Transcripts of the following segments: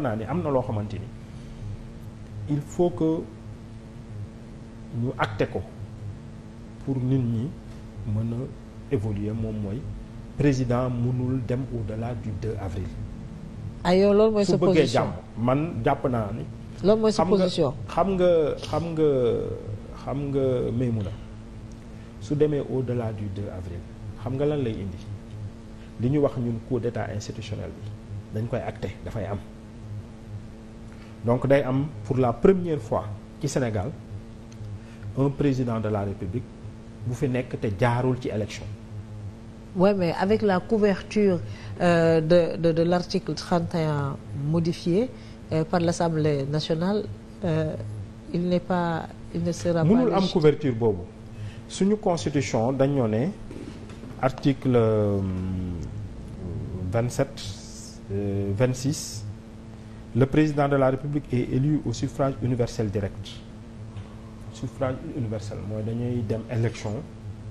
jàpp naa ni am na loo xamante ni il faut que ñu acté ko pour nit ñi mën a évoluer moom mooy président mënul dem au de la 2 avril. ah yow loolu mooy sa man jàpp naa ni. loolu mooy sa position xam nga xam nga xam nga mu na su demee au-delà du 2 avril xam nga lan lay indi li ñu wax ñun coup d'état institutionnel bi dañ koy acté dafay am. donc day am pour la première fois ci Sénégal un président de la République bu fi nekk te jaarul ci élection oui mais avec la couverture euh, de de de l'article 31 modifié euh, par l'Assemblée nationale euh, il pas il ne sera pas mënul am couverture boobu suñu constitution dañoo ne article 27 euh, 26 le président de la république est élu au suffrage universel direct suffrage universel mooy dañuy dem élection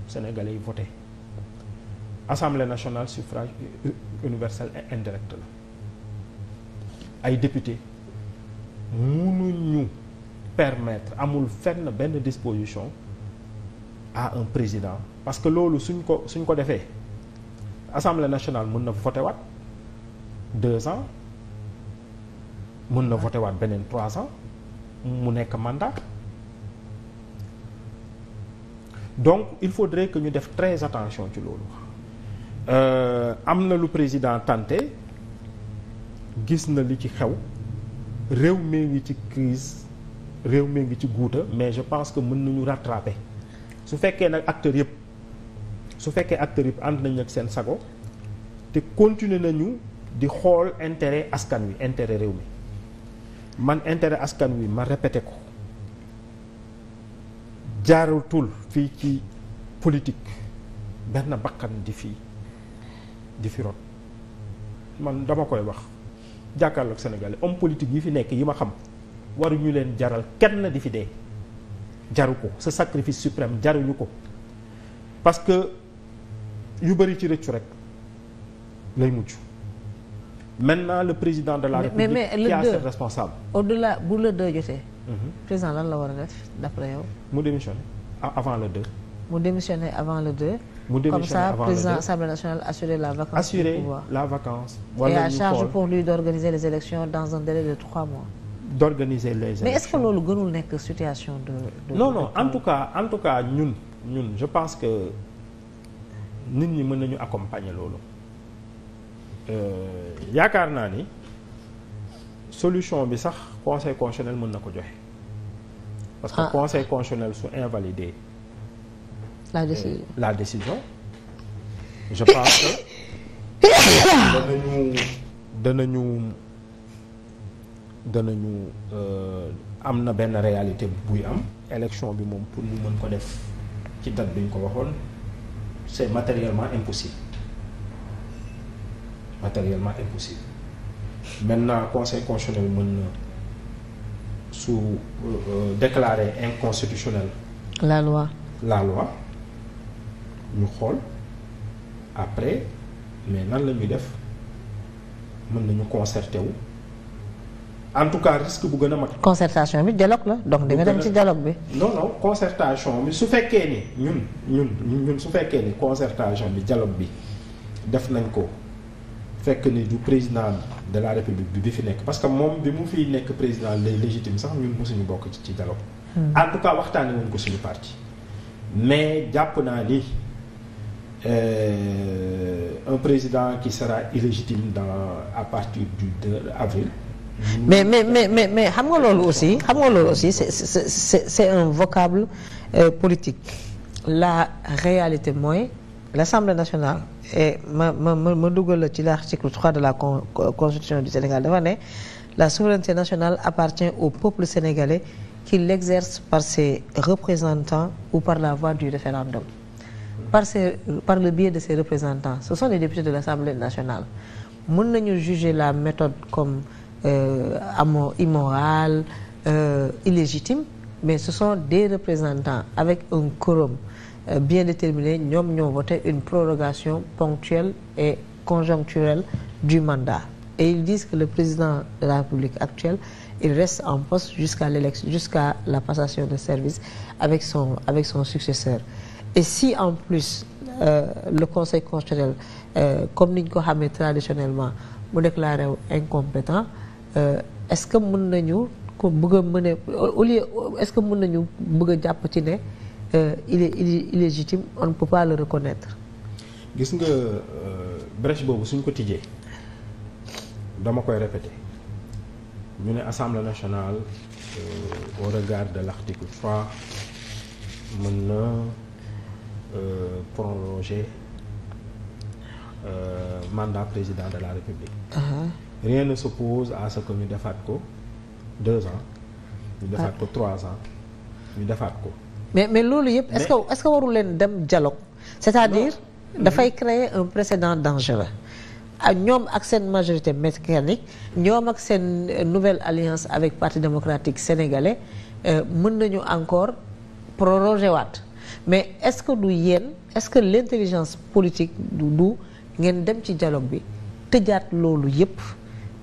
sénégalais yi voté assemblée nationale suffrage universel et indirect la ay député mënuñu permettre amul fenn benn disposition à un président parce que loolu suñ ko suñ ko defee assemblée nationale mun na voté waat deux ans mën na voté waat beneen trois ans mu nekk mandat donc il faudrait que ñu def très attention ci loolu euh, am na lu président tenté gis na li ci xew réew mi ngi ci crise réew mi ngi ci guuta mais je pense que mën nañu rattraper su fekkee nag acteurs yëpp su fekkee acteurs yëpp ànd nañu ak seen sago te continuer nañu di xool intérêt askan wi intérêt réew mi man intérêt askan wi ma répété ko jaaratul fii ci politique benn bakkan di fi di fi rot man dama koy wax jàkkaarloog Sénégalais homme politique yi fi nekk yi ma xam waruñu leen jaral kenn di fi dee jaru ko ce sacrifice suprême jaruñu ko parce que yu bëri ci rëccu rek lay mujj maintenant le président de la république mais, mais, qui a ses responsables au-delà bu le deux jotee mhm. président lan la war a def d'après yow mu démissionné avant le deux mu démissionné avant le deux mu démissionné avant le deux comme ça président assemblée nationale assurer la vacance assurer la vacance et à charge pour lui d'organiser les élections dans un délai de trois mois d'organiser les élections mais est-ce que loolu gënul nekk situation de, de non non en tout cas en tout cas ñun ñun je pense que nit ñi mën nañu accompagner loolu Euh, yaakaar naa ni solution bi sax conseil constitutionnel mën na ko joxe. parce que ah. conseil su invalider. la euh, décision euh, la décision. je eh. pense que danañu danañu danañu euh, am na benn réalité buy am. élection bi moom pour ñu mën ko def ci date bi ñu ko waxoon c'est matériellement impossible. matériellement impossible maintenant conseil constitutionnel mën na su euh, euh, déclarer inconstitutionnel la loi la loi ñu xool après mais nan la ñuy def mën nañu concerté wu en tout cas risque bu gën a mag. concertation bi dialogue la donc di dem ci dialogue bi. non consertation bi su fekkee ni ñun ñun ñun su fekkee ni concertation bi dialogue bi def nañ ko. fekk ni du président de la république bi bi fi nekk parce que moom bi mu fiy nekk président lay légitime sax ñun mosuñu bokk ci ci dialogue hmm. en tout cas waxtaane woon ko suñu parti mais jàpp naa ni euh, un président qui sera illégitime dans à partir du 2 avril mais mais mais mais mais xam nga loolu aussi xam nga loolu aussi c'est c'est c'est un vocable euh, politique la réalité mooy l'Assemblée nationale ma ma ma ma dugal la ci l'article 3 de la con constitution du Sénégal dafa la souveraineté nationale appartient au peuple sénégalais qui l'exerce par ses représentants ou par la voie du référendum par ses par le biais de ses représentants ce sont les députés de l'Assemblée nationale mën nañu juger la méthode comme euh, immorale euh, illégitime mais ce sont des représentants avec un quorum Euh, bien déterminés ñoom ñoo voté une prorogation ponctuelle et conjoncturelle du mandat et ils disent que le président de la République actuelle il reste en poste jusqu'à l'élection jusqu'à la passation de service avec son avec son successeur et si en plus euh, le Conseil constitutionnel euh, comme ni ñu ko xamee traditionnellement mu déclaré wu incompétent euh, est-ce que mën nañu ko bëgg a mën a au lieu est-ce que mun nañu bëgg a jàpp ci ne euh, il est illégitime on ne peut pas reconnaître. gis nga euh, brèche boobu suñ ko tijjee dama koy répéter ñu ne assemblée nationale euh, au regard de l'article fois mën na euh, prolonger euh, mandat président de la république. Uh -huh. rien ne s'oppose à ce ñu defaat ko deux ans. ñu defaat ah. ko trois ans ñu defaat ko. mais mais loolu yëpp est-ce que est warul leen dem dialogue c'est-à-dire dafay créer un précédent dangereux ah, ñoom ak seen majorité mécanique ñoom ak seen euh, nouvelle alliance avec parti démocratique sénégalais euh, mën nañu encore proroger waat mais est-ce que du yéen est-ce que l'intelligence politique du du ngeen dem ci dialogue bi tëjaat loolu yëpp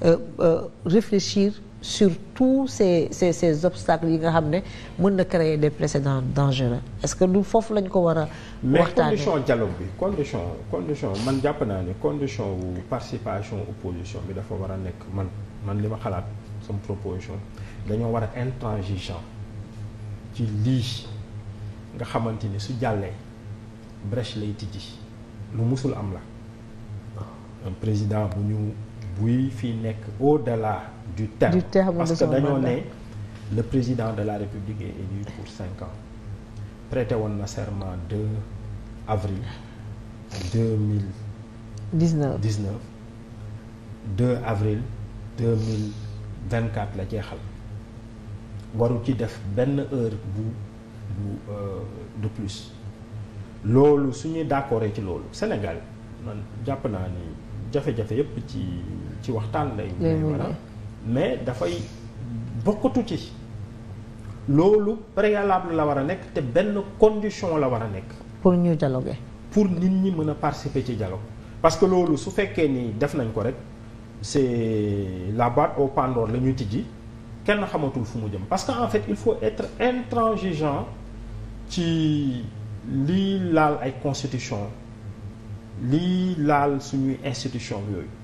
euh, réfléchir sur tous ces ces ces obstacles yi nga xam ne mën na créer des précédents dangereux est-ce que du foofu lañ ko war a waxtaanee mais condition dialogue bi condition condition man jàpp naa ni condition wu participation opposition bi dafa war a nekk man man li ma xalaat sama proposition dañoo war a intransigeant ci lii nga xamante ni su jàllee brèche lay tijji lu musul am la président bu ñu buy fii nekk au-delà du terme. du terme parce que dañoo ne le président de la République est élu pour cinq ans prêté woon na serment 2 avril 2019 19 2 avril 2024 la jeexal waru ci def benn heure bu bu euh, de plus loolu suñuy ñuy d'accord ci loolu Sénégal man jàpp naa ni. jafe-jafe yëpp ci ci waxtaan lay. voilà mais dafay bokkatu ci. loolu préalable la war a nekk te benn condition la war a nekk. pour ñu dialoguer. pour nit ñi mën a participer ci dialogue parce que loolu su fekkee ni def nañ ko rek c'est la boîte au Pandore la ñuy tijji kenn xamatul fu mu jëm parce que en fait il faut être intransigeant ci lii laal ay constitution lii laal suñuy institution yooyu